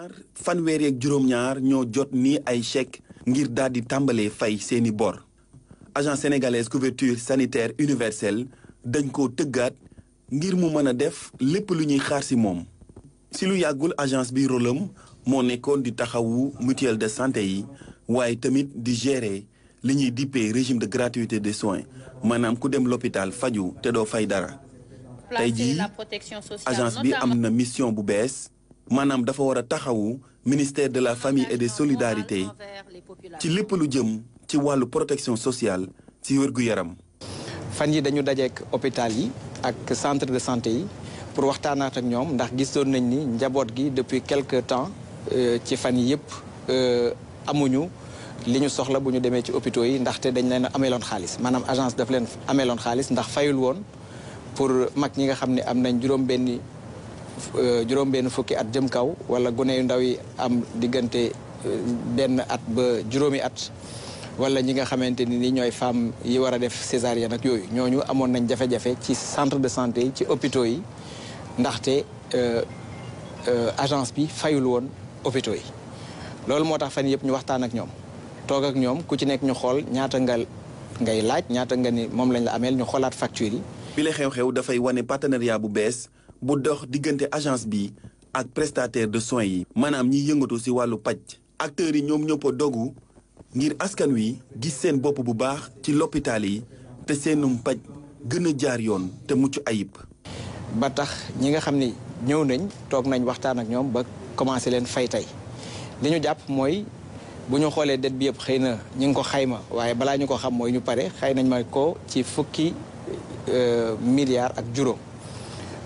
ñaar fanweeri ak juróom-ñaar ñoo jot nii ay chèque ngir daal di tàmbalee fay seeni bor agence sénégalaise couverture sanitaire universelle dañ ko tëggaat ngir mu mën a def lépp lu ñuy xaar ci moom si lu yàggul agence bi rôlam moo nekkoon di taxawu mutuel de santé yi waaye tamit di gérer li ñuy dippee régime de gratuité des soins maanaam ku dem l'hôpital faju te doo fay dara tey jii agence bi am na mission bu bees maanaam dafa war a taxawu ministère de la famille et des solidarités ci lépp lu jëm ci wàllu protection sociale ci wérgu yaram fan yi dañu dajeek hôpital yi ak centre de santé yi pour waxtaanaat ak ñoom ndax gisoon nañ ni njaboot gi depuis quelque temps euh, ci fan yi yëpp euh, amuñu li ñu soxla bu ñu demee ci hôpitaux yi ndaxte dañ leen ameeloon xaalis maanaam agence daf leen ameeloon xaalis ndax fayul woon pour mag ñi nga xam ne am nañ juróom benni juróom-benn fukki at jëm kaw wala gune yu ndaw am diggante eh, benn at ba juróomi at wala ñi nga xamante ni ni ñooy femme yi war a def césarienne ak yooyu ñooñu amoon nañ jafe-jafe ci centre de santé yi ci hôpitaux yi ndaxte eh, eh, agence bi fayul woon hôpitaux yi loolu moo tax fan yëpp ñu waxtaan ak ñoom toog ak ñoom ku ci nekk ñu xool ñaata nga ngay laaj ñaata nga ni moom lañ la ameel ñu xolaat facture yi. bi xew-xew dafay wane partenariat bu bees bu dox diggante agence bi ak prestataire de soins yi maanaam ñiy yëngatu ci wàllu paj acteurs yi ñoom ñëpp a dogu ngir askan wi gis seen bopp bu baax ci l'hôpital yi te seenum paj gën a jaar yoon te mucc ayib ba tax ñi nga xam ni ñëw nañ toog nañ waxtaan ak ñoom ba commencé leen fay tey li ñu jàpp mooy bu ñu xoolee det bi yëpp xëy na ñu ngi ko xayma waaye balaa ñu ko xam mooy ñu pare xëy nañ may ko ci fukki euh, milliards ak juróom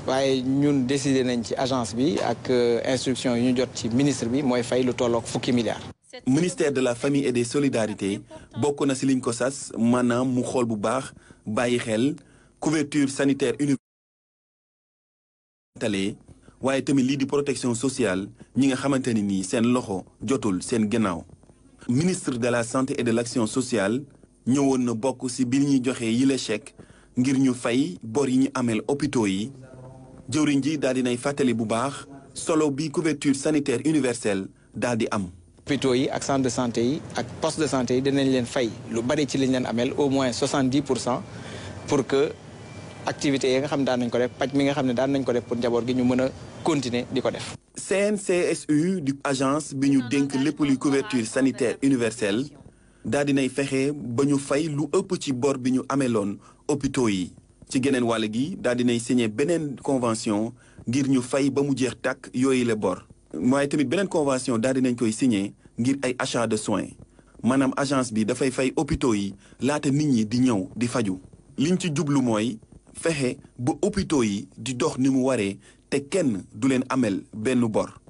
waaye ñun décidé nañ ci agence bi ak euh, instruction yu ñu jot ci ministre bi mooy fay lu tollook fukki milliards. ministère de la famille et des bokk na si liñ ko sas maanaam mu xool bu baax bàyyi xel couverture sanitaire universelle waaye tamit lii di protection sociale ñi nga xamante ne nii seen loxo jotul seen gannaaw. ministre de la santé et de l'action sociale ñëwoon na bokk si bi ñuy joxe yile chèque ngir ñu fay bor yi ñu ameel opiteau yi. jëwriñ ji daal dinay fàttali bu baax solo bi couverture sanitaire universelle daal di am hôpitaux yi ak centre de santé yi ak poste de santé yi dinañ leen fay lu bari ci liñ leen ameel au moins 70 pour cent pour que activités yi nga xam daan nañ ko def paj mi nga xam ne daan nañ ko def pour njaboot gi ñu mën a continuer di ko def CNCSU di agence bi ñu dénk lépp luy couverture sanitaire universelle daal nay fexe ba ñu fay lu ëpp ci bor bi ñu amee loon hôpitaux yi ci geneen wàll gi daal dinay signé beneen convention ngir ñu fay ba mu jeex tàkk yooyu la bor waaye tamit beneen convention daal dinañ koy signé ngir ay achat de soin maanaam agence bi dafay fay hôpitaux yi laata nit ñi di ñëw di faju liñ ci jublu mooy fexe ba hôpitaux yi di dox ni mu waree te kenn du leen amel benn bor